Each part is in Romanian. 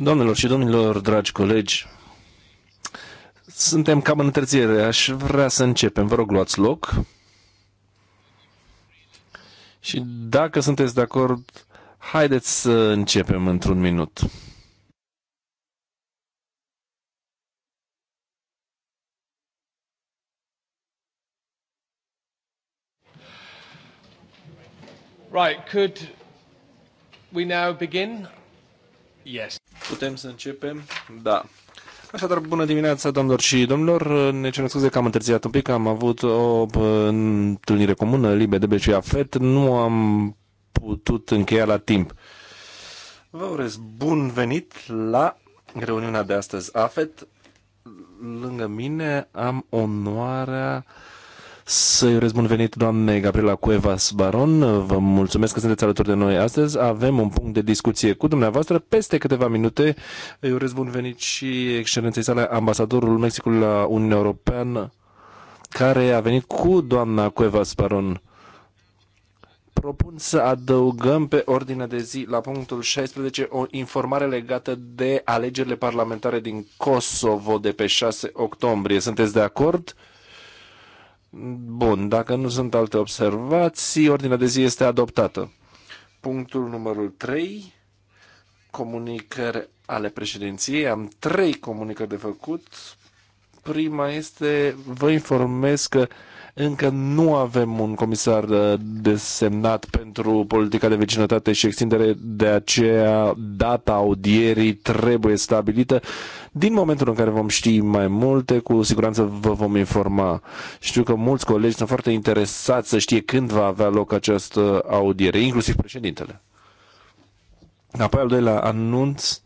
Domnilor și domnilor, dragi colegi, suntem cam în întârziere. Aș vrea să începem. Vă rog, luați loc. Și dacă sunteți de acord, haideți să începem într-un minut. Right, could we now begin? Yes. Putem să începem? Da. Așadar, bună dimineața, doamnelor și domnilor. Ne cerem scuze că am întârziat un pic, am avut o întâlnire comună, Libe, de și AFET. Nu am putut încheia la timp. Vă urez bun venit la reuniunea de astăzi AFET. Lângă mine am onoarea să-i răspund venit doamne Gabriela Cuevas Baron. Vă mulțumesc că sunteți alături de noi astăzi. Avem un punct de discuție cu dumneavoastră peste câteva minute. Îi urez bun venit și excelenței sale ambasadorul Mexicului la Uniunea Europeană care a venit cu doamna Cuevas Baron propun să adăugăm pe ordinea de zi la punctul 16 o informare legată de alegerile parlamentare din Kosovo de pe 6 octombrie. Sunteți de acord? Bun, dacă nu sunt alte observații, ordinea de zi este adoptată. Punctul numărul 3, comunicări ale președinției. Am trei comunicări de făcut. Prima este, vă informez că încă nu avem un comisar uh, desemnat pentru politica de vecinătate și extindere, de aceea data audierii trebuie stabilită. Din momentul în care vom ști mai multe, cu siguranță vă vom informa. Știu că mulți colegi sunt foarte interesați să știe când va avea loc această audiere, inclusiv președintele. Apoi al doilea anunț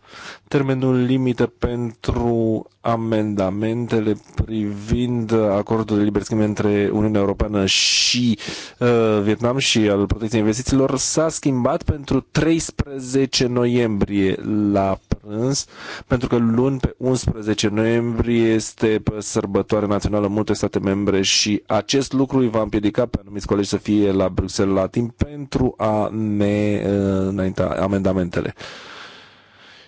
Termenul limită pentru amendamentele privind acordul de liber schimb între Uniunea Europeană și uh, Vietnam și al protecției investițiilor s-a schimbat pentru 13 noiembrie la prânz, pentru că luni pe 11 noiembrie este sărbătoare națională în multe state membre și acest lucru îi va împiedica pe anumiți colegi să fie la Bruxelles la timp pentru a ne uh, înainta amendamentele.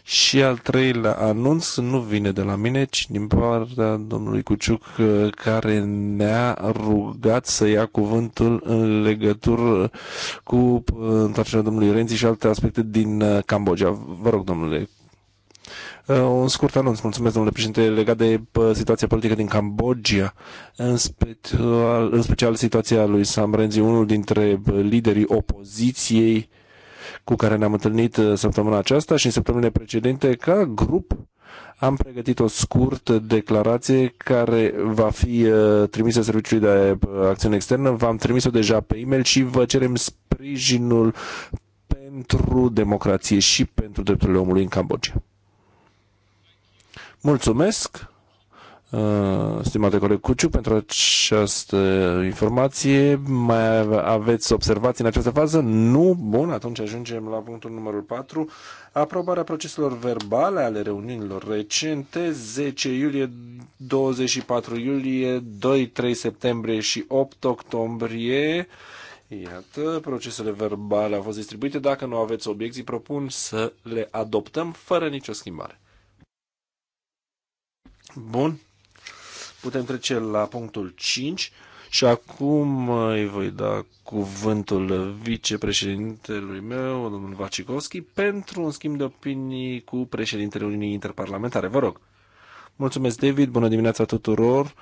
Și al treilea anunț nu vine de la mine, ci din partea domnului Cuciuc, uh, care ne-a rugat să ia cuvântul în legătură cu uh, întoarcerea domnului Renzi și alte aspecte din uh, Cambodgia. Vă rog, domnule un scurt anunț, mulțumesc domnule președinte, legat de situația politică din Cambodgia, în special, în special situația lui Sam Renzi, unul dintre liderii opoziției cu care ne-am întâlnit uh, săptămâna aceasta și în săptămânile precedente ca grup am pregătit o scurtă declarație care va fi uh, trimisă Serviciului de uh, Acțiune Externă. V-am trimis-o deja pe e-mail și vă cerem sprijinul pentru democrație și pentru drepturile omului în Cambodgia. Mulțumesc! Uh, stimate coleg Cuciu, pentru această informație. Mai aveți observații în această fază? Nu? Bun, atunci ajungem la punctul numărul 4. Aprobarea proceselor verbale ale reuniunilor recente, 10 iulie, 24 iulie, 2-3 septembrie și 8 octombrie. Iată, procesele verbale au fost distribuite. Dacă nu aveți obiecții, propun să le adoptăm fără nicio schimbare. Bun, Putem trece la punctul 5 și acum îi voi da cuvântul vicepreședintelui meu, domnul Vacikovski, pentru un schimb de opinii cu președintele Uniunii Interparlamentare. Vă rog! Mulțumesc, David! Bună dimineața tuturor!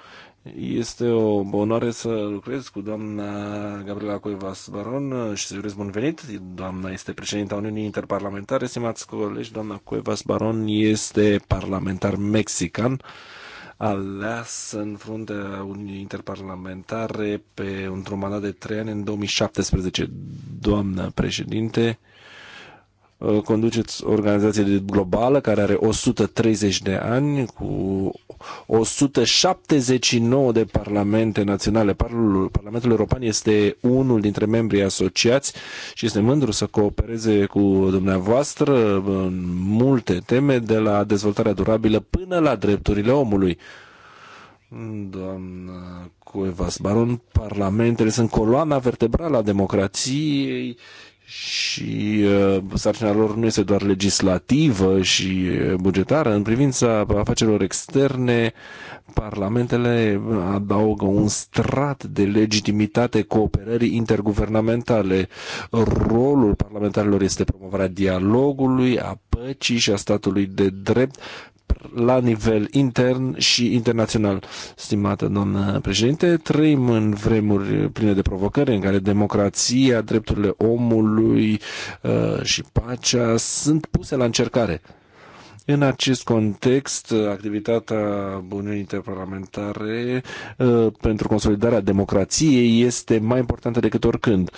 Este o onoare să lucrez cu doamna Gabriela Cuevas Baron și să urez bun venit. Doamna este președinta Uniunii Interparlamentare. Stimați colegi, doamna Cuevas Baron este parlamentar mexican aleasă în fruntea Uniunii Interparlamentare pe, într-un mandat de trei ani în 2017. Doamnă președinte, conduceți o organizație globală care are 130 de ani cu 179 de parlamente naționale. Parlamentul European este unul dintre membrii asociați și este mândru să coopereze cu dumneavoastră în multe teme, de la dezvoltarea durabilă până la drepturile omului. Doamna Cuevas Baron, parlamentele sunt coloana vertebrală a democrației și uh, sarcina lor nu este doar legislativă și uh, bugetară. În privința afacerilor externe, parlamentele adaugă un strat de legitimitate cooperării interguvernamentale. Rolul parlamentarilor este promovarea dialogului, a păcii și a statului de drept la nivel intern și internațional. Stimată doamnă președinte, trăim în vremuri pline de provocări în care democrația, drepturile omului uh, și pacea sunt puse la încercare în acest context, activitatea Uniunii Interparlamentare uh, pentru consolidarea democrației este mai importantă decât oricând.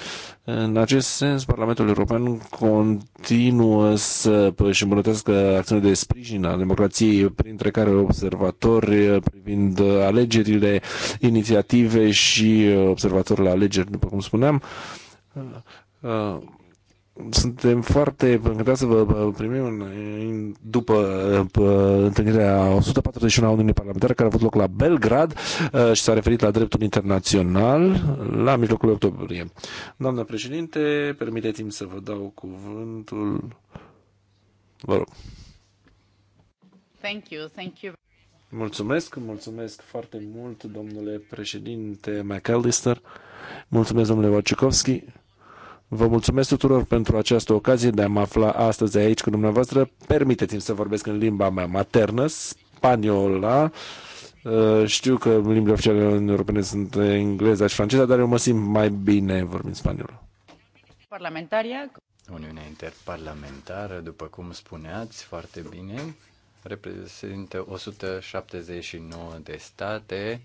În acest sens, Parlamentul European continuă să își îmbunătățească acțiunile de sprijin a democrației, printre care observatori privind alegerile, inițiative și observatori la alegeri, după cum spuneam. Uh, uh, suntem foarte încântați să vă primim în, în, după în, întâlnirea 141 a Uniunii Parlamentare care a avut loc la Belgrad uh, și s-a referit la dreptul internațional la mijlocul octombrie. Doamna președinte, permiteți-mi să vă dau cuvântul. Vă rog. Thank you, thank you. Mulțumesc, mulțumesc foarte mult, domnule președinte McAllister. Mulțumesc, domnule Wojciechowski Vă mulțumesc tuturor pentru această ocazie de a mă afla astăzi aici cu dumneavoastră. Permiteți-mi să vorbesc în limba mea maternă, spaniola. Uh, știu că limbile oficiale în europene sunt engleza și franceza, dar eu mă simt mai bine vorbind spaniolă. Parlamentaria. Uniunea Interparlamentară, după cum spuneați foarte bine, reprezintă 179 de state,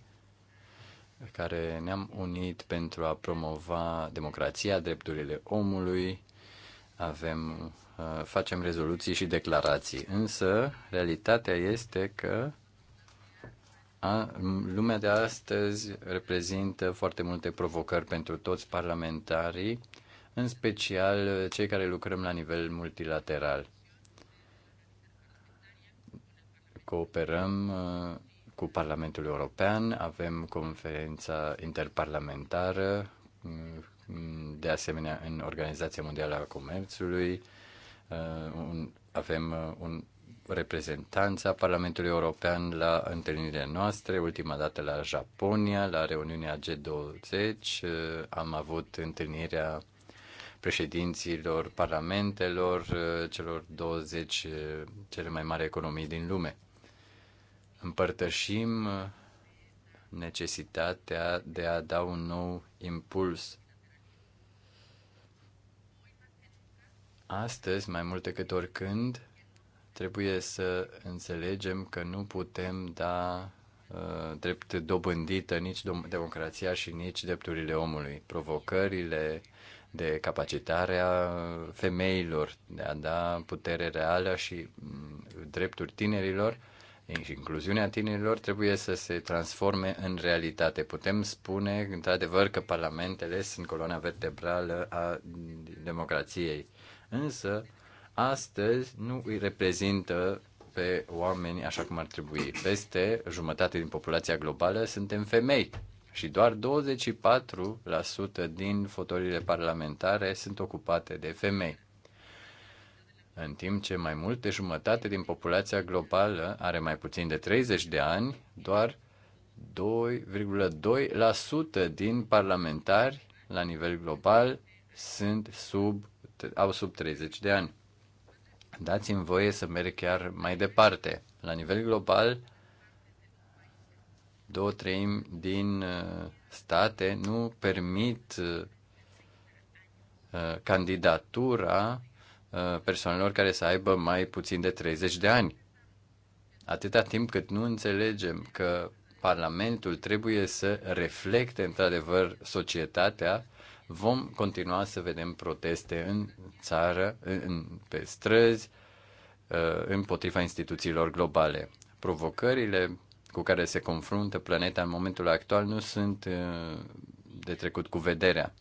care ne-am unit pentru a promova democrația, drepturile omului, avem, uh, facem rezoluții și declarații. Însă, realitatea este că a, lumea de astăzi reprezintă foarte multe provocări pentru toți parlamentarii, în special cei care lucrăm la nivel multilateral. Cooperăm uh, cu Parlamentul European, avem conferința interparlamentară, de asemenea în Organizația Mondială a Comerțului, uh, avem uh, un reprezentanța Parlamentului European la întâlnirile noastre, ultima dată la Japonia, la reuniunea G20, uh, am avut întâlnirea președinților parlamentelor celor 20 cele mai mari economii din lume împărtășim uh, necesitatea de a da un nou impuls. Astăzi, mai mult decât oricând, trebuie să înțelegem că nu putem da uh, drept dobândită nici democrația și nici drepturile omului. Provocările de capacitare a femeilor, de a da putere reală și mm, drepturi tinerilor, uh, deci, incluziunea tinerilor trebuie să se transforme în realitate. Putem spune, într-adevăr, că parlamentele sunt coloana vertebrală a democrației, însă astăzi nu îi reprezintă pe oameni așa cum ar trebui. Peste jumătate din populația globală suntem femei și doar 24% din fotorile parlamentare sunt ocupate de femei în timp ce mai mult de jumătate din populația globală are mai puțin de 30 de ani, doar 2,2% din parlamentari la nivel global sunt sub, au sub 30 de ani. Dați-mi voie să merg chiar mai departe. La nivel global, două treimi din uh, state nu permit uh, uh, candidatura Uh, persoanelor care să aibă mai puțin de 30 de ani. Atâta timp cât nu înțelegem că Parlamentul trebuie să reflecte într-adevăr societatea, vom continua să vedem proteste în țară, în, pe străzi, uh, împotriva instituțiilor globale. Provocările cu care se confruntă planeta în momentul actual nu sunt uh, de trecut cu vederea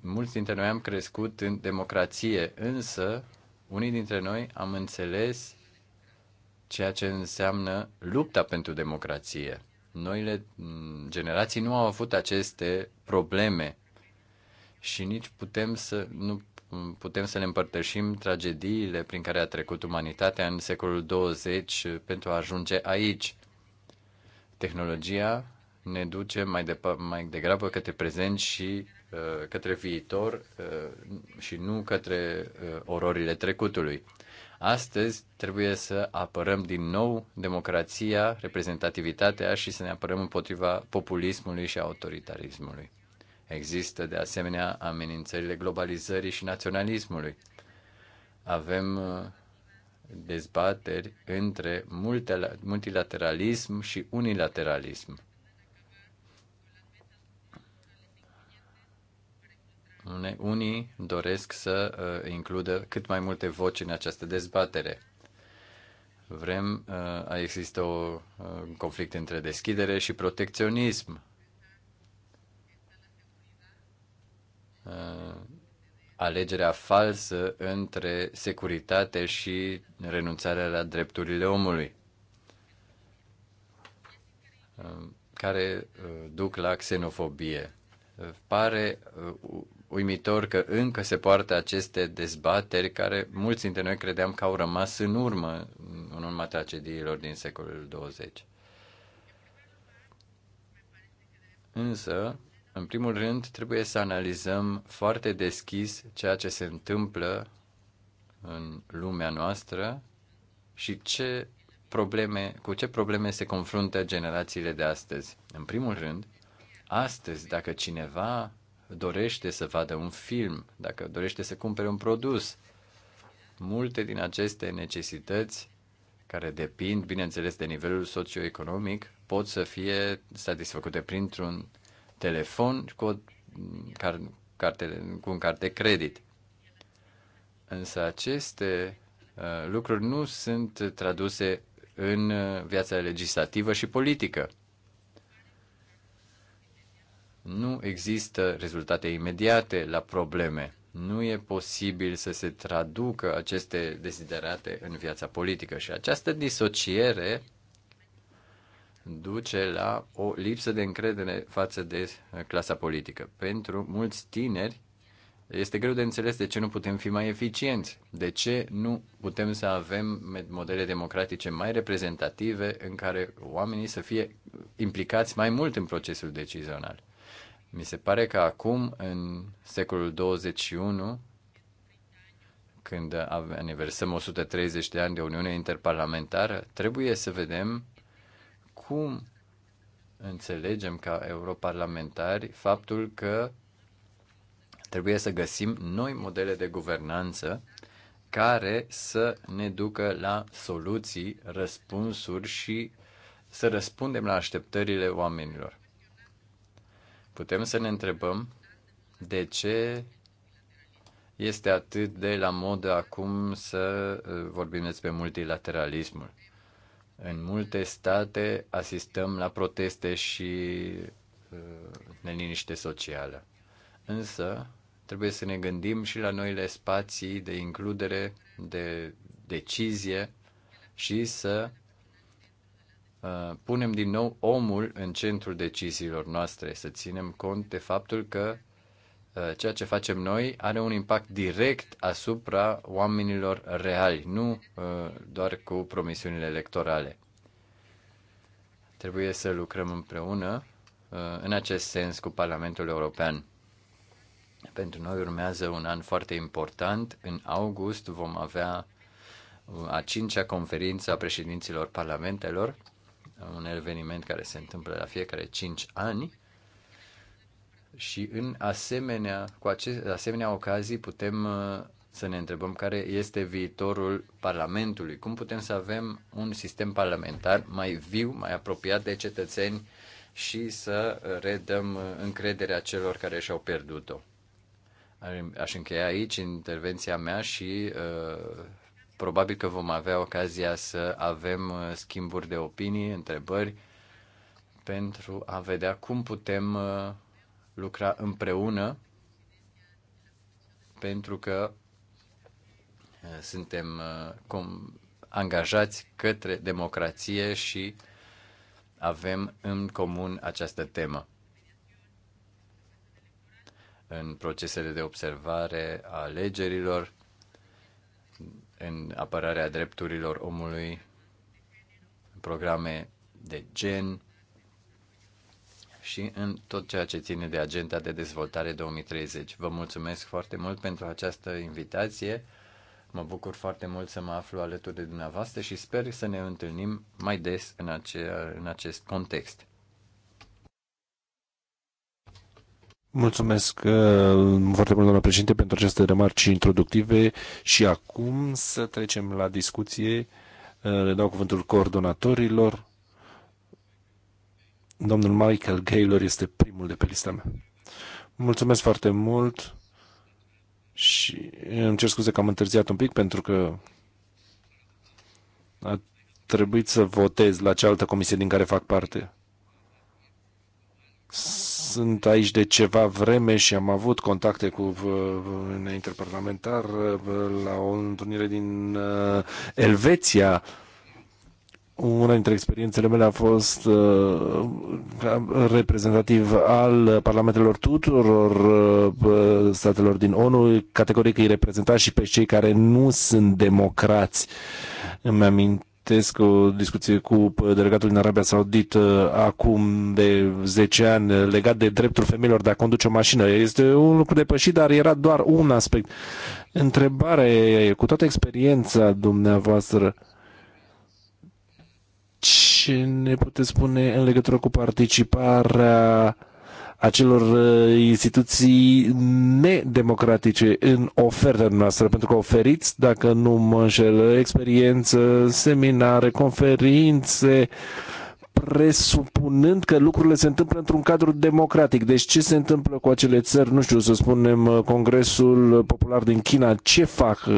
mulți dintre noi am crescut în democrație, însă unii dintre noi am înțeles ceea ce înseamnă lupta pentru democrație. Noile mm, generații nu au avut aceste probleme și nici putem să nu mm, putem să ne împărtășim tragediile prin care a trecut umanitatea în secolul 20 pentru a ajunge aici. Tehnologia ne duce mai, de mai degrabă către prezent și Uh, către viitor uh, și nu către uh, ororile trecutului. Astăzi trebuie să apărăm din nou democrația, reprezentativitatea și să ne apărăm împotriva populismului și autoritarismului. Există de asemenea amenințările globalizării și naționalismului. Avem dezbateri între multilateralism și unilateralism. Unii doresc să uh, includă cât mai multe voci în această dezbatere. Vrem, uh, există un uh, conflict între deschidere și protecționism. Uh, alegerea falsă între securitate și renunțarea la drepturile omului, care duc la xenofobie. Pare uimitor că încă se poartă aceste dezbateri care mulți dintre noi credeam că au rămas în urmă în urma tragediilor din secolul 20. Însă, în primul rând, trebuie să analizăm foarte deschis ceea ce se întâmplă în lumea noastră și ce probleme, cu ce probleme se confruntă generațiile de astăzi. În primul rând, astăzi, dacă cineva dorește să vadă un film, dacă dorește să cumpere un produs. Multe din aceste necesități, care depind, bineînțeles, de nivelul socioeconomic, pot să fie satisfăcute printr-un telefon cu, o car, carte, cu un card de credit. Însă aceste uh, lucruri nu sunt traduse în uh, viața legislativă și politică. Nu există rezultate imediate la probleme. Nu e posibil să se traducă aceste desiderate în viața politică și această disociere duce la o lipsă de încredere față de uh, clasa politică. Pentru mulți tineri este greu de înțeles de ce nu putem fi mai eficienți, de ce nu putem să avem modele democratice mai reprezentative în care oamenii să fie implicați mai mult în procesul decizional. Mi se pare că acum, în secolul 21, când aniversăm 130 de ani de Uniune Interparlamentară, trebuie să vedem cum înțelegem ca europarlamentari faptul că trebuie să găsim noi modele de guvernanță care să ne ducă la soluții, răspunsuri și să răspundem la așteptările oamenilor. Putem să ne întrebăm de ce este atât de la modă acum să uh, vorbim despre multilateralismul. În multe state asistăm la proteste și uh, neliniște socială. Însă, trebuie să ne gândim și la noile spații de includere, de decizie și să Uh, punem din nou omul în centrul deciziilor noastre, să ținem cont de faptul că uh, ceea ce facem noi are un impact direct asupra oamenilor reali, nu uh, doar cu promisiunile electorale. Trebuie să lucrăm împreună în acest sens cu Parlamentul European. Pentru noi urmează un an foarte important. În august vom avea a cincea conferință a președinților parlamentelor un eveniment care se întâmplă la fiecare 5 ani și în asemenea, cu acest, asemenea ocazii putem uh, să ne întrebăm care este viitorul Parlamentului, cum putem să avem un sistem parlamentar mai viu, mai apropiat de cetățeni și să redăm uh, încrederea celor care și-au pierdut-o. Aș încheia aici intervenția mea și uh, probabil că vom avea ocazia să avem uh, schimburi de opinii, întrebări, pentru a vedea cum putem uh, lucra împreună, pentru că uh, suntem angajați către democrație și avem în comun această temă în procesele de observare a alegerilor în apărarea drepturilor omului, programe de gen și în tot ceea ce ține de agenda de dezvoltare 2030. Vă mulțumesc foarte mult pentru această invitație. Mă bucur foarte mult să mă aflu alături de dumneavoastră și sper să ne întâlnim mai des în, acea, în acest context. Mulțumesc uh, foarte mult, doamna președinte, pentru aceste remarci introductive și acum să trecem la discuție. Uh, le dau cuvântul coordonatorilor. Domnul Michael Gaylor este primul de pe lista mea. Mulțumesc foarte mult și îmi cer scuze că am întârziat un pic pentru că a trebuit să votez la cealaltă comisie din care fac parte. S sunt aici de ceva vreme și am avut contacte cu un uh, interparlamentar uh, la o întâlnire din uh, Elveția. Una dintre experiențele mele a fost uh, reprezentativ al parlamentelor tuturor uh, statelor din ONU, categoric îi reprezenta și pe cei care nu sunt democrați. Îmi amint amintesc o discuție cu uh, delegatul din Arabia Saudită uh, acum de 10 ani uh, legat de dreptul femeilor de a conduce o mașină. Este un lucru depășit, dar era doar un aspect. Întrebarea e, cu toată experiența dumneavoastră, ce ne puteți spune în legătură cu participarea uh, acelor uh, instituții nedemocratice în oferta noastră, pentru că oferiți, dacă nu mă înșel, experiență, seminare, conferințe, presupunând că lucrurile se întâmplă într-un cadru democratic. Deci ce se întâmplă cu acele țări, nu știu, să spunem, uh, Congresul Popular din China, ce fac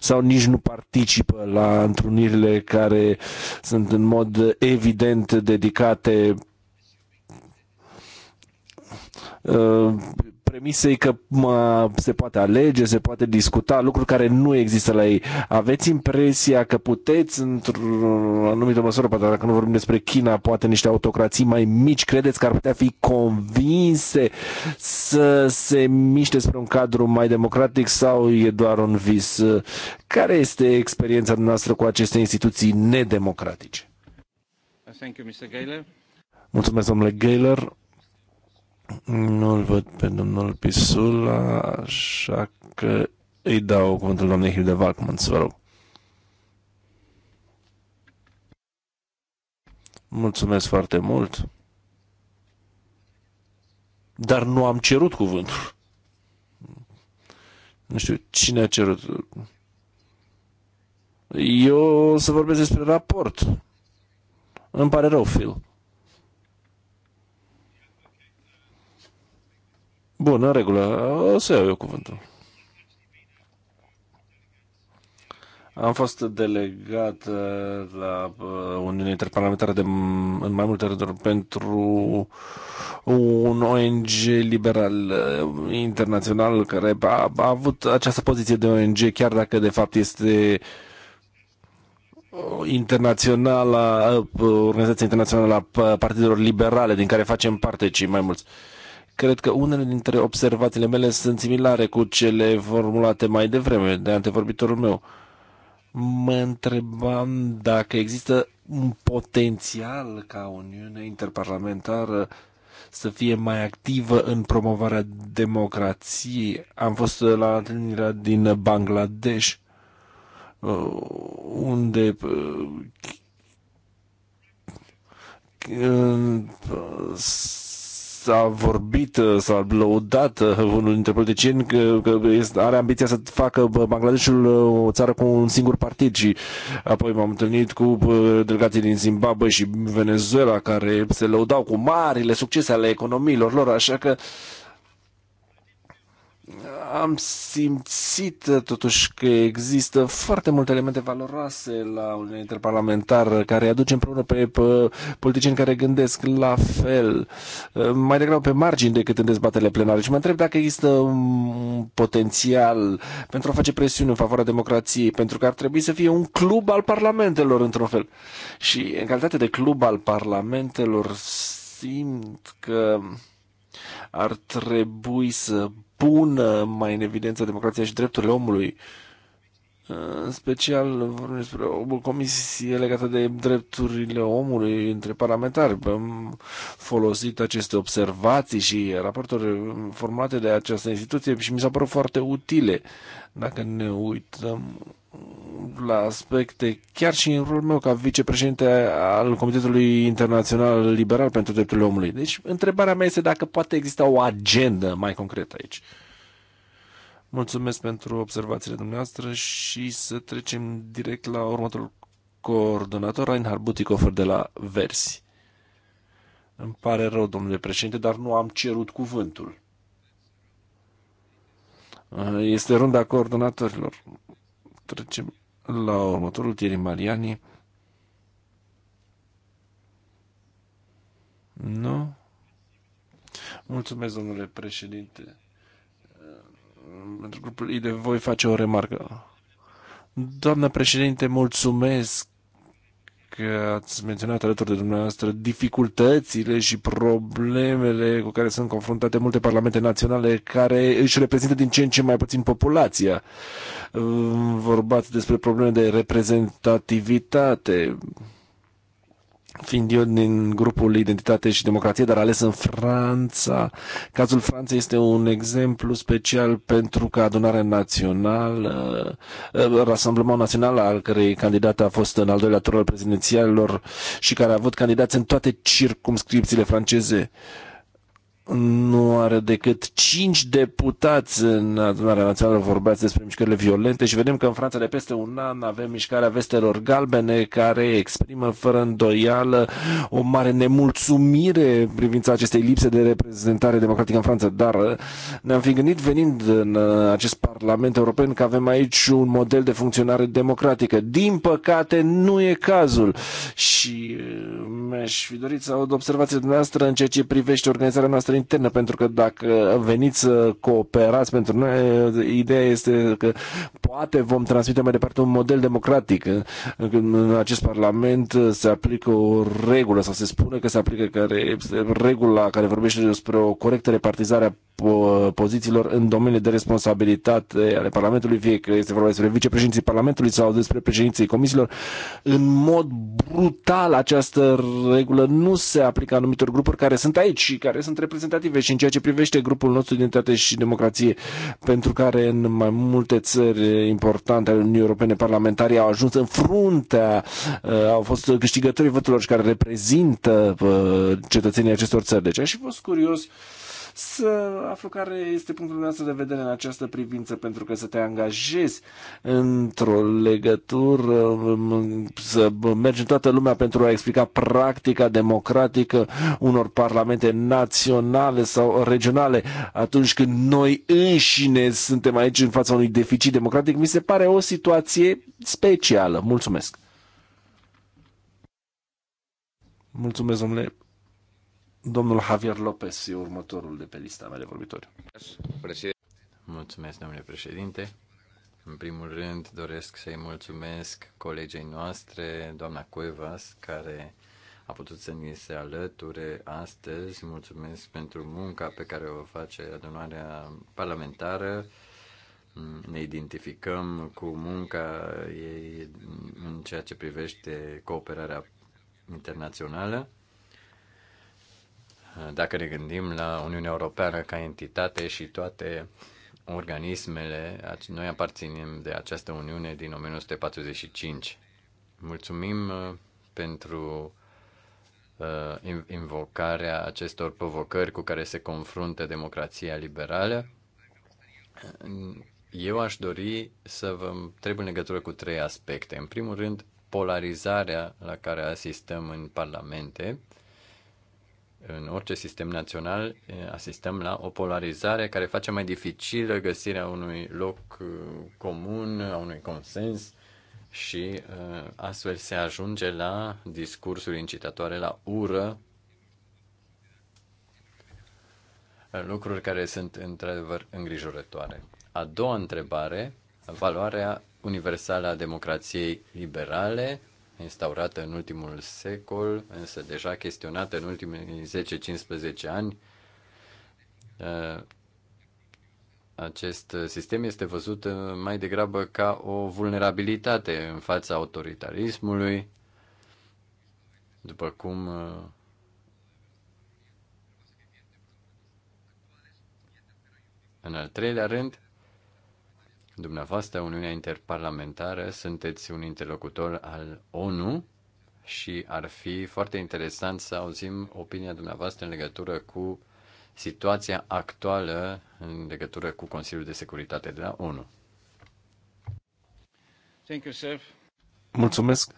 sau nici nu participă la întrunirile care sunt în mod evident dedicate Uh, premisei că se poate alege, se poate discuta, lucruri care nu există la ei. Aveți impresia că puteți, într-o anumită măsură, poate dacă nu vorbim despre China, poate niște autocrații mai mici, credeți că ar putea fi convinse să se miște spre un cadru mai democratic sau e doar un vis? Care este experiența noastră cu aceste instituții nedemocratice? Thank you, Mr. Gaylor. Mulțumesc, domnule Gaylor. Nu-l văd pe domnul Pisula, așa că îi dau cuvântul domnului Hilde să vă rog. Mulțumesc foarte mult. Dar nu am cerut cuvântul. Nu știu cine a cerut. Eu o să vorbesc despre raport. Îmi pare rău, Phil. Bun, în regulă. O să iau eu cuvântul. Am fost delegat uh, la uh, Uniunea Interparlamentară de, în mai multe rânduri pentru un ONG liberal uh, internațional care a, a avut această poziție de ONG, chiar dacă de fapt este internațională, Organizația Internațională a Partidelor Liberale, din care facem parte cei mai mulți. Uh, Cred că unele dintre observațiile mele sunt similare cu cele formulate mai devreme de antevorbitorul meu. Mă întrebam dacă există un potențial ca Uniunea Interparlamentară să fie mai activă în promovarea democrației. Am fost la întâlnirea din Bangladesh, uh, unde uh, uh, s-a vorbit, uh, s-a lăudat uh, unul dintre politicieni că, că are ambiția să facă uh, Bangladeshul o țară cu un singur partid și apoi m-am întâlnit cu delegații din Zimbabwe și Venezuela care se lăudau cu marile succese ale economiilor lor, așa că uh, am simțit totuși că există foarte multe elemente valoroase la un interparlamentar care aduce împreună pe, pe politicieni care gândesc la fel, mai degrabă pe margini decât în dezbatele plenare. Și mă întreb dacă există un potențial pentru a face presiune în favoarea democrației, pentru că ar trebui să fie un club al parlamentelor într-un fel. Și în calitate de club al parlamentelor simt că ar trebui să pună mai în evidență democrația și drepturile omului. Uh, în special vorbim despre o comisie legată de drepturile omului între parlamentari. Am folosit aceste observații și raporturi formulate de această instituție și mi s-au părut foarte utile. Dacă ne uităm la aspecte, chiar și în rolul meu ca vicepreședinte al Comitetului Internațional Liberal pentru Drepturile Omului. Deci, întrebarea mea este dacă poate exista o agendă mai concretă aici. Mulțumesc pentru observațiile dumneavoastră și să trecem direct la următorul coordonator, Reinhard Butikofer de la Versi. Îmi pare rău, domnule președinte, dar nu am cerut cuvântul. Este runda coordonatorilor. Trecem la următorul, Thierry Mariani. Nu? Mulțumesc, domnule președinte pentru grupul IDE voi face o remarcă. Doamna președinte, mulțumesc că ați menționat alături de dumneavoastră dificultățile și problemele cu care sunt confruntate multe parlamente naționale care își reprezintă din ce în ce mai puțin populația. Vorbați despre probleme de reprezentativitate fiind eu din grupul Identitate și Democrație, dar ales în Franța. Cazul Franței este un exemplu special pentru că adunarea națională, eh, Rassemblement Național, al cărei candidat a fost în al doilea tur al prezidențialilor și care a avut candidați în toate circumscripțiile franceze nu are decât 5 deputați în adunarea națională, vorbeați despre mișcările violente și vedem că în Franța de peste un an avem mișcarea vestelor galbene care exprimă fără îndoială o mare nemulțumire în privința acestei lipse de reprezentare democratică în Franța, dar uh, ne-am fi gândit venind în uh, acest Parlament European că avem aici un model de funcționare democratică. Din păcate nu e cazul și uh, mi-aș fi dorit să aud observația dumneavoastră în ceea ce privește organizarea noastră noastră internă, pentru că dacă veniți să cooperați pentru noi, ideea este că poate vom transmite mai departe un model democratic. În acest Parlament se aplică o regulă sau se spune că se aplică care, regula care vorbește despre o corectă repartizare a pozițiilor în domeniul de responsabilitate ale Parlamentului, fie că este vorba despre vicepreședinții Parlamentului sau despre președinții comisiilor. În mod brutal această regulă nu se aplică anumitor grupuri care sunt aici și care sunt reprezentate reprezentative și în ceea ce privește grupul nostru Identitate și Democrație, pentru care în mai multe țări importante ale Uniunii Europene parlamentarii au ajuns în fruntea, uh, au fost câștigătorii voturilor și care reprezintă uh, cetățenii acestor țări. Deci aș fi fost curios uh, să aflu care este punctul meu de vedere în această privință, pentru că să te angajezi într-o legătură, să mergi în toată lumea pentru a explica practica democratică unor parlamente naționale sau regionale atunci când noi înșine suntem aici în fața unui deficit democratic, mi se pare o situație specială. Mulțumesc! Mulțumesc, domnule Domnul Javier Lopez e următorul de pe lista mea de vorbitori. Mulțumesc, domnule președinte. În primul rând, doresc să-i mulțumesc colegei noastre, doamna Cuevas, care a putut să ni se alăture astăzi. Mulțumesc pentru munca pe care o face adunarea parlamentară. Ne identificăm cu munca ei în ceea ce privește cooperarea internațională dacă ne gândim la Uniunea Europeană ca entitate și toate organismele, noi aparținem de această Uniune din 1945. Mulțumim uh, pentru uh, invocarea acestor provocări cu care se confruntă democrația liberală. Eu aș dori să vă întreb în legătură cu trei aspecte. În primul rând, polarizarea la care asistăm în parlamente, în orice sistem național asistăm la o polarizare care face mai dificilă găsirea unui loc comun, a unui consens și astfel se ajunge la discursuri incitatoare la ură, lucruri care sunt într-adevăr îngrijorătoare. A doua întrebare, valoarea universală a democrației liberale instaurată în ultimul secol, însă deja chestionată în ultimii 10-15 ani. Uh, acest sistem este văzut uh, mai degrabă ca o vulnerabilitate în fața autoritarismului, după cum uh, în al treilea rând, Dumneavoastră, Uniunea Interparlamentară, sunteți un interlocutor al ONU și ar fi foarte interesant să auzim opinia dumneavoastră în legătură cu situația actuală în legătură cu Consiliul de Securitate de la ONU. Thank you, sir. Mulțumesc.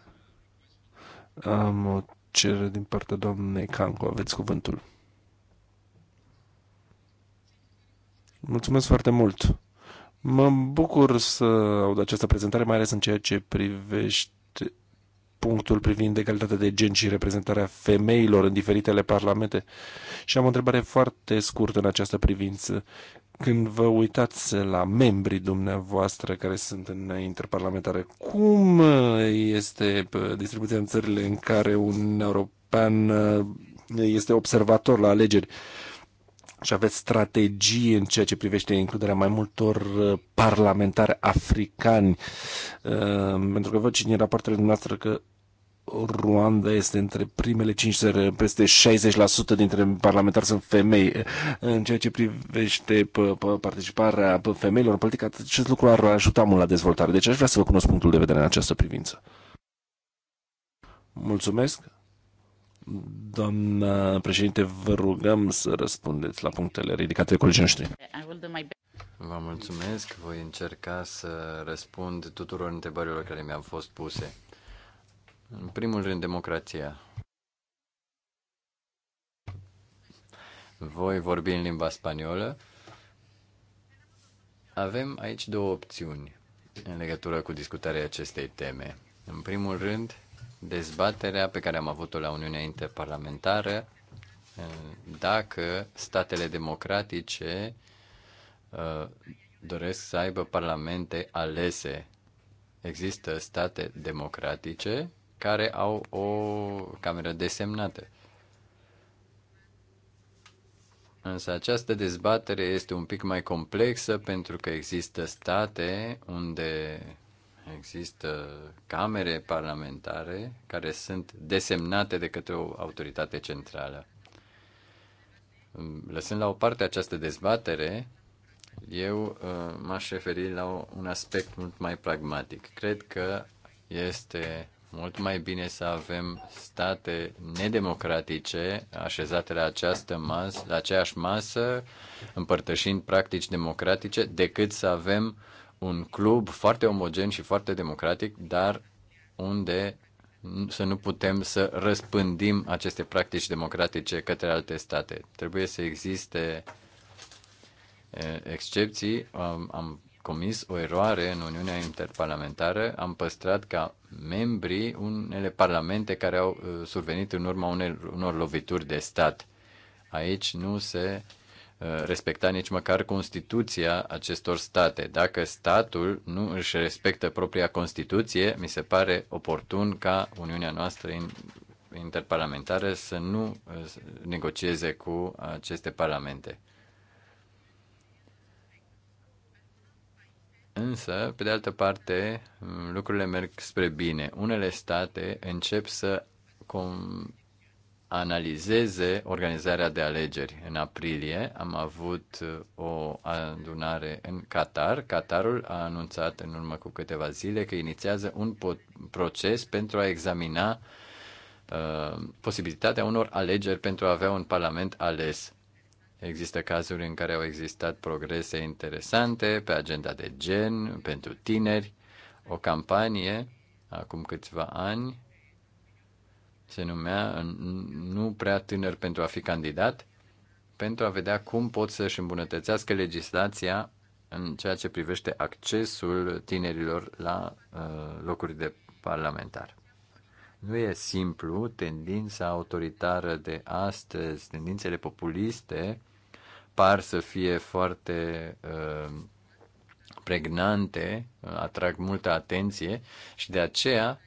Am o cerere din partea doamnei Canco. Aveți cuvântul. Mulțumesc foarte mult. Mă bucur să aud această prezentare, mai ales în ceea ce privește punctul privind egalitatea de gen și reprezentarea femeilor în diferitele parlamente. Și am o întrebare foarte scurtă în această privință. Când vă uitați la membrii dumneavoastră care sunt în interparlamentare, cum este distribuția în țările în care un european este observator la alegeri? și aveți strategii în ceea ce privește includerea mai multor uh, parlamentari africani, uh, pentru că văd și din rapoartele dumneavoastră că Ruanda este între primele 5 țări, peste 60% dintre parlamentari sunt femei. Uh, în ceea ce privește participarea femeilor în politică, acest lucru ar ajuta mult la dezvoltare. Deci aș vrea să vă cunosc punctul de vedere în această privință. Mulțumesc! Doamna președinte, vă rugăm să răspundeți la punctele ridicate de colegii noștri. Vă mulțumesc. Voi încerca să răspund tuturor întrebărilor care mi-au fost puse. În primul rând, democrația. Voi vorbi în limba spaniolă. Avem aici două opțiuni în legătură cu discutarea acestei teme. În primul rând, dezbaterea pe care am avut-o la Uniunea Interparlamentară eh, dacă statele democratice eh, doresc să aibă parlamente alese. Există state democratice care au o cameră desemnată. Însă această dezbatere este un pic mai complexă pentru că există state unde Există camere parlamentare care sunt desemnate de către o autoritate centrală. Lăsând la o parte această dezbatere, eu uh, m-aș referi la un aspect mult mai pragmatic. Cred că este mult mai bine să avem state nedemocratice așezate la, această masă, la aceeași masă, împărtășind practici democratice, decât să avem un club foarte omogen și foarte democratic, dar unde să nu putem să răspândim aceste practici democratice către alte state. Trebuie să existe excepții. Am, am comis o eroare în Uniunea Interparlamentară. Am păstrat ca membrii unele parlamente care au survenit în urma unor lovituri de stat. Aici nu se uh, Uh, respecta nici măcar Constituția acestor state. Dacă statul nu își respectă propria Constituție, mi se pare oportun ca Uniunea noastră interparlamentară să nu uh, negocieze cu aceste parlamente. Însă, pe de altă parte, lucrurile merg spre bine. Unele state încep să com- analizeze organizarea de alegeri. În aprilie am avut uh, o adunare în Qatar. Qatarul a anunțat în urmă cu câteva zile că inițiază un proces pentru a examina uh, posibilitatea unor alegeri pentru a avea un parlament ales. Există cazuri în care au existat progrese interesante pe agenda de gen, pentru tineri, o campanie acum câțiva ani se numea Nu prea tânăr pentru a fi candidat, pentru a vedea cum pot să-și îmbunătățească legislația în ceea ce privește accesul tinerilor la uh, locuri de parlamentar. Nu e simplu, tendința autoritară de astăzi, tendințele populiste par să fie foarte uh, pregnante, uh, atrag multă atenție și de aceea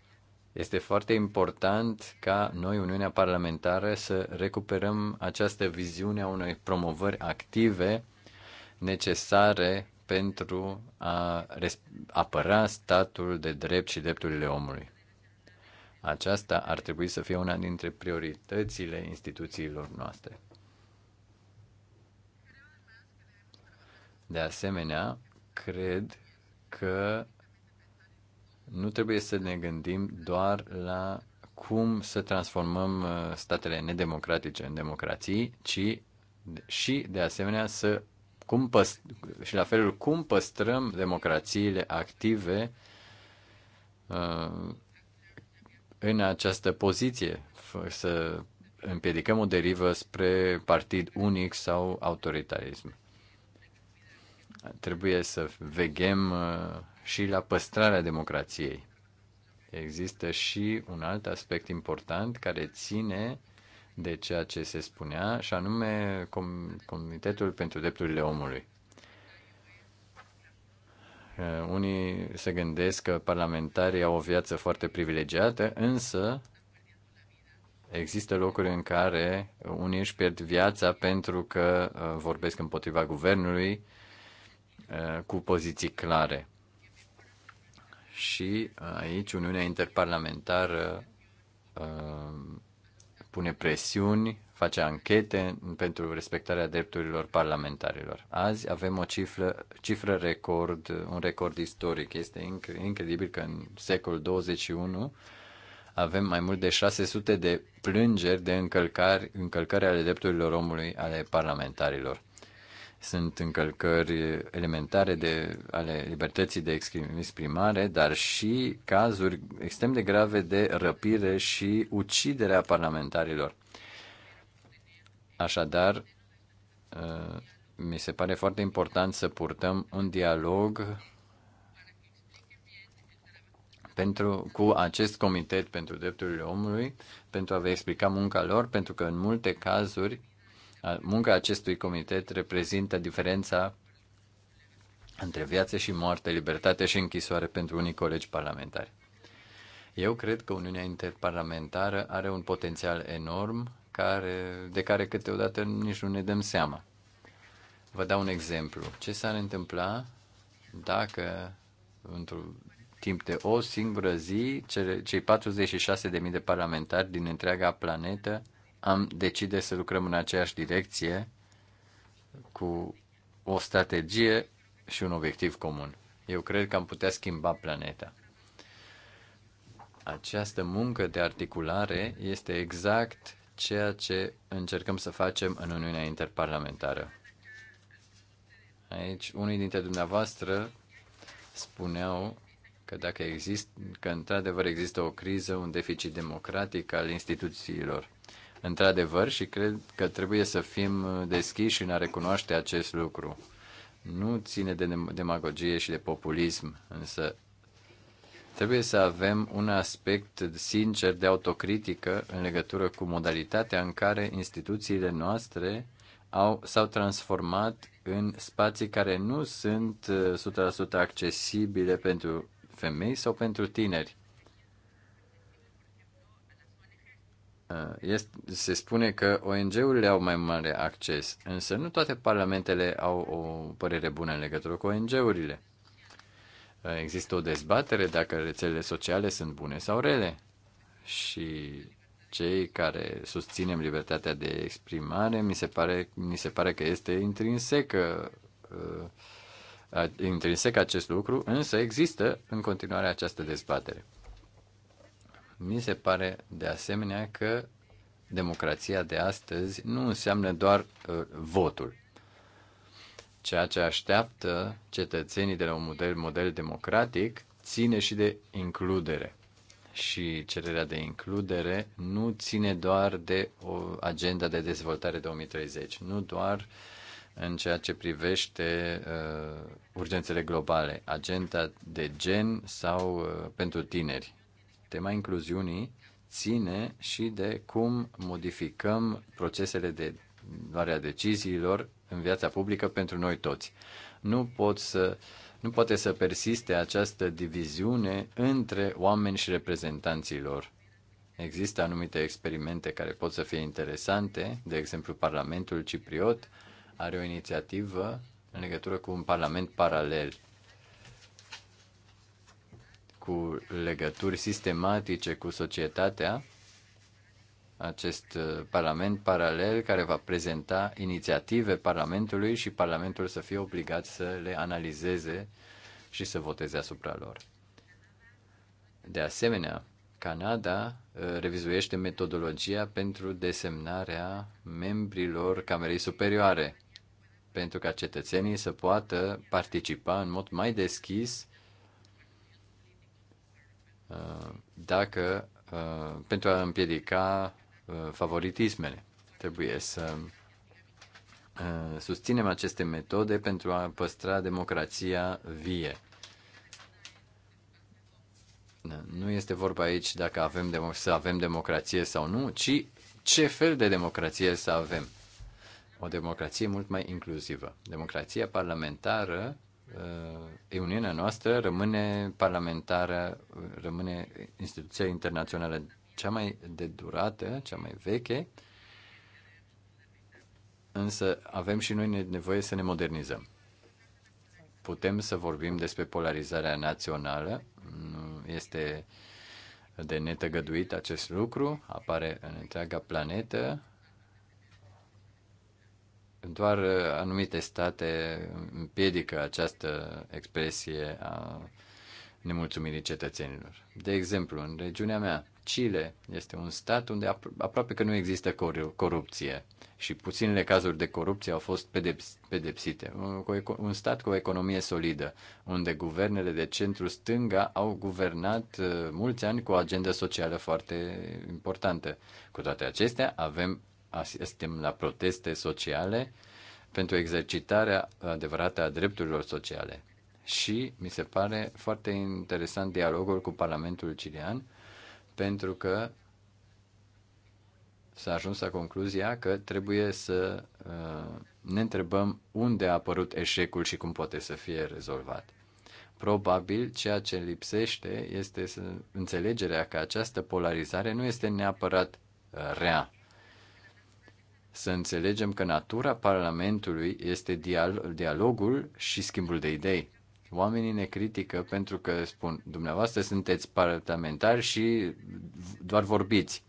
este foarte important ca noi, Uniunea Parlamentară, să recuperăm această viziune a unei promovări active necesare pentru a apăra statul de drept și drepturile omului. Aceasta ar trebui să fie una dintre prioritățile instituțiilor noastre. De asemenea, cred că nu trebuie să ne gândim doar la cum să transformăm uh, statele nedemocratice în democrații, ci și, de asemenea, să cum păst- și la felul cum păstrăm democrațiile active uh, în această poziție, să împiedicăm o derivă spre partid unic sau autoritarism. Trebuie să veghem uh, și la păstrarea democrației. Există și un alt aspect important care ține de ceea ce se spunea, și anume Com- Comitetul pentru Drepturile Omului. Uh, unii se gândesc că parlamentarii au o viață foarte privilegiată, însă există locuri în care unii își pierd viața pentru că uh, vorbesc împotriva guvernului uh, cu poziții clare și uh, aici Uniunea Interparlamentară uh, pune presiuni, face anchete pentru respectarea drepturilor parlamentarilor. Azi avem o cifră, cifră record, un record istoric. Este incredibil că în secolul 21 avem mai mult de 600 de plângeri de încălcări, încălcări ale drepturilor omului ale parlamentarilor. Sunt încălcări elementare de, ale libertății de exprimare, dar și cazuri extrem de grave de răpire și uciderea parlamentarilor. Așadar, uh, mi se pare foarte important să purtăm un dialog pentru, cu acest comitet pentru drepturile omului, pentru a vă explica munca lor, pentru că în multe cazuri Munca acestui comitet reprezintă diferența între viață și moarte, libertate și închisoare pentru unii colegi parlamentari. Eu cred că Uniunea Interparlamentară are un potențial enorm care, de care câteodată nici nu ne dăm seama. Vă dau un exemplu. Ce s-ar întâmpla dacă într-un timp de o singură zi cei 46.000 de parlamentari din întreaga planetă am decide să lucrăm în aceeași direcție cu o strategie și un obiectiv comun. Eu cred că am putea schimba planeta. Această muncă de articulare este exact ceea ce încercăm să facem în Uniunea Interparlamentară. Aici, unii dintre dumneavoastră spuneau că dacă există, că într-adevăr există o criză, un deficit democratic al instituțiilor într-adevăr, și cred că trebuie să fim deschiși în a recunoaște acest lucru. Nu ține de demagogie și de populism, însă trebuie să avem un aspect sincer de autocritică în legătură cu modalitatea în care instituțiile noastre au, s-au transformat în spații care nu sunt 100% uh, accesibile pentru femei sau pentru tineri. Uh, este, se spune că ONG-urile au mai mare acces, însă nu toate parlamentele au o părere bună în legătură cu ONG-urile. Uh, există o dezbatere dacă rețelele sociale sunt bune sau rele și cei care susținem libertatea de exprimare, mi se pare, mi se pare că este intrinsecă uh, intrinsec acest lucru, însă există în continuare această dezbatere. Mi se pare de asemenea că democrația de astăzi nu înseamnă doar uh, votul. Ceea ce așteaptă cetățenii de la un model, model democratic ține și de includere. Și cererea de includere nu ține doar de o agenda de dezvoltare 2030, nu doar în ceea ce privește uh, urgențele globale, agenda de gen sau uh, pentru tineri tema incluziunii ține și de cum modificăm procesele de luare a deciziilor în viața publică pentru noi toți. Nu pot să nu poate să persiste această diviziune între oameni și reprezentanții lor. Există anumite experimente care pot să fie interesante, de exemplu Parlamentul Cipriot are o inițiativă în legătură cu un parlament paralel cu legături sistematice cu societatea, acest uh, parlament paralel care va prezenta inițiative Parlamentului și Parlamentul să fie obligat să le analizeze și să voteze asupra lor. De asemenea, Canada uh, revizuiește metodologia pentru desemnarea membrilor Camerei Superioare, pentru ca cetățenii să poată participa în mod mai deschis Uh, dacă uh, pentru a împiedica uh, favoritismele. Trebuie să susținem aceste metode pentru a păstra democrația vie. Nu este vorba aici dacă avem să avem democrație sau nu, ci ce fel de democrație să avem. O democrație mult mai inclusivă. Democrația parlamentară Uh, uniunea noastră rămâne parlamentară, rămâne instituția internațională cea mai de durată, cea mai veche, însă avem și noi nevoie să ne modernizăm. Putem să vorbim despre polarizarea națională, nu este de netăgăduit acest lucru, apare în întreaga planetă, doar uh, anumite state împiedică această expresie a nemulțumirii cetățenilor. De exemplu, în regiunea mea, Chile este un stat unde apro- aproape că nu există cor- corupție și puținele cazuri de corupție au fost pedeps- pedepsite. Un, un stat cu o economie solidă, unde guvernele de centru stânga au guvernat uh, mulți ani cu o agendă socială foarte importantă. Cu toate acestea, avem asistăm la proteste sociale pentru exercitarea adevărată a drepturilor sociale. Și mi se pare foarte interesant dialogul cu Parlamentul Cilian, pentru că s-a ajuns la concluzia că trebuie să uh, ne întrebăm unde a apărut eșecul și cum poate să fie rezolvat. Probabil ceea ce lipsește este înțelegerea că această polarizare nu este neapărat uh, rea să înțelegem că natura Parlamentului este dialogul și schimbul de idei. Oamenii ne critică pentru că spun, dumneavoastră sunteți parlamentari și doar vorbiți.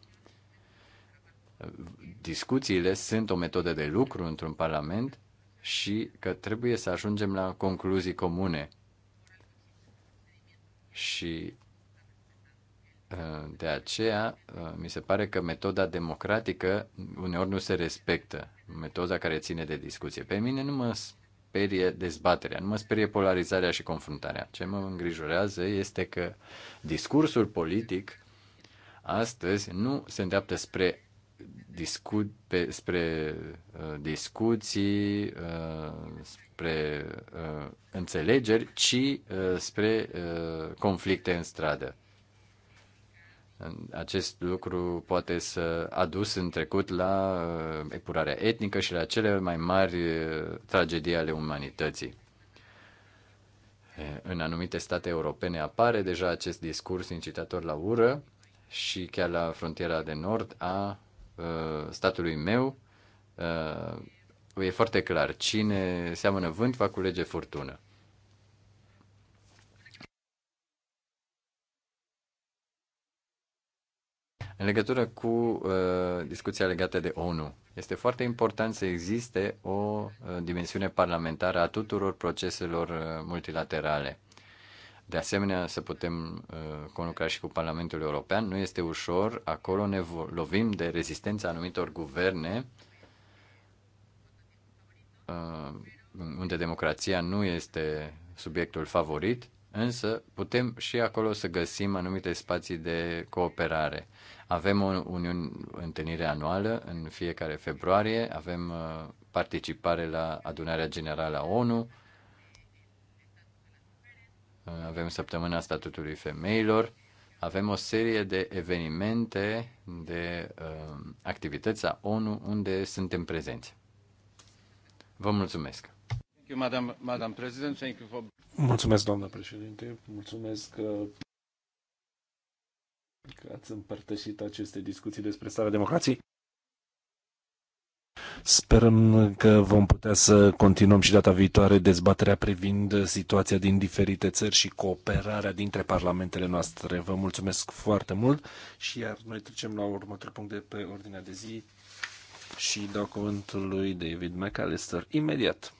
Discuțiile sunt o metodă de lucru într-un parlament și că trebuie să ajungem la concluzii comune. Și Eh, de aceea, eh, mi se pare că metoda democratică uneori nu se respectă, metoda care ține de discuție. Pe mine nu mă sperie dezbaterea, nu mă sperie polarizarea și confruntarea. Ce mă îngrijorează este că discursul politic astăzi nu se îndreaptă spre, discu- pe, spre uh, discuții, uh, spre uh, înțelegeri, ci uh, spre uh, conflicte în stradă. Acest lucru poate să a dus în trecut la uh, epurarea etnică și la cele mai mari uh, tragedii ale umanității. În anumite state europene apare deja acest discurs incitator la ură și chiar la frontiera de nord a uh, statului meu e foarte clar, cine seamănă vânt va culege furtună. În legătură cu uh, discuția legată de ONU, este foarte important să existe o uh, dimensiune parlamentară a tuturor proceselor uh, multilaterale. De asemenea, să putem uh, conlucra și cu Parlamentul European. Nu este ușor. Acolo ne lovim de rezistența anumitor guverne uh, unde democrația nu este subiectul favorit însă putem și acolo să găsim anumite spații de cooperare. Avem o uniune, întâlnire anuală în fiecare februarie, avem uh, participare la adunarea generală a ONU, uh, avem săptămâna statutului femeilor, avem o serie de evenimente, de uh, activități a ONU unde suntem prezenți. Vă mulțumesc! Mulțumesc, doamnă președinte. Mulțumesc că, uh, că ați împărtășit aceste discuții despre starea democrației. Sperăm că vom putea să continuăm și data viitoare dezbaterea privind situația din diferite țări și cooperarea dintre parlamentele noastre. Vă mulțumesc foarte mult și iar noi trecem la următorul punct de pe ordinea de zi și dau cuvântul lui David McAllister imediat.